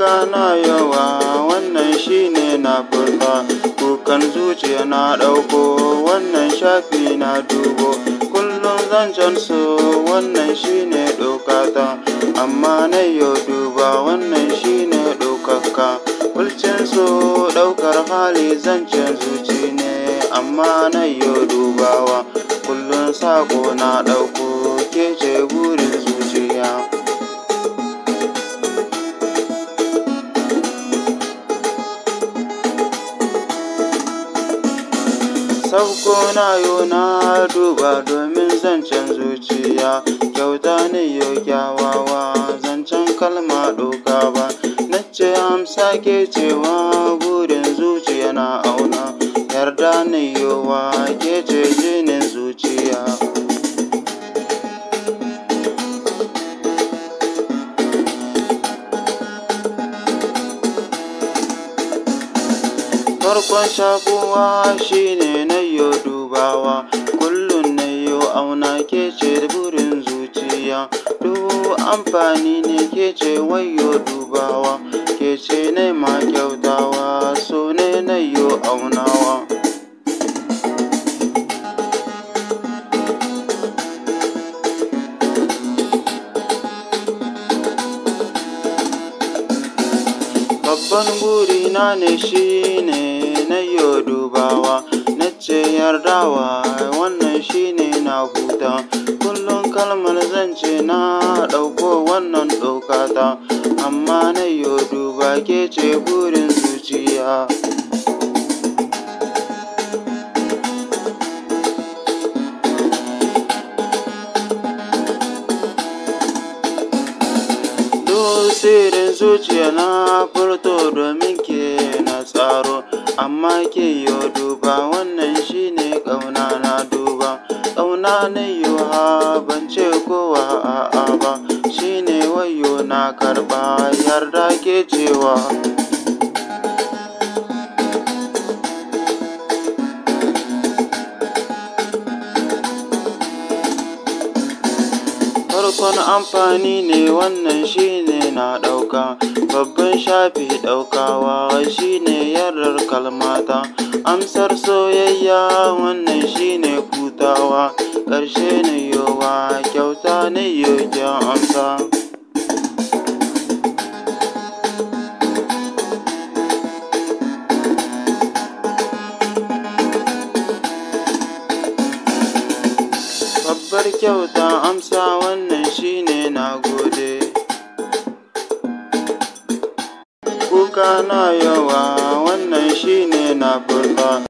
kuka na yawa wannan shine na furta kukan zuciya na ɗauko wannan shafi na dubo kullum zancen su wannan shine ɗaukata amma na yau duba wannan shine ɗaukaka kulcin su ɗaukar hali zan can zuci ne amma na yau dubawa kullum sako na ɗauko ke ce burin zuciya Sabko na yo na duba domin zancen zuciya, kyauta ne yo kyawawa, zancen kalma doka ba. Nace amsa ke cewa burin zuciya na auna, yarda ne yo wa ke ce Farkon shakuwa shi ne na yo dubawa, kullum na yo auna ke ce burin zuciya, duk amfani ne ke ce wayo dubawa. Babban burina ne shi ne na yi dubawa, na ce yardawa wannan shi ne na huta. Kullum kalmar zance na ɗauko wannan ɗaukata, amma na yi duba ke ce burin zuciya. sirin zuciya na hoto domin ke na tsaro. Amma ke yo duba wannan shine ƙauna na duba. Ƙauna na yo ban ce kowa a'a ba. Shine wayo na karɓa yarda ke cewa. farkon amfani ne wannan shine na ɗauka babban shafi ɗaukawa shine yarar kalmata amsar soyayya wannan shine kutawa ƙarshe ne yowa kyauta na yoyon amsa babbar kyauta amsa wannan shine na gode kana yawa wannan shine na furta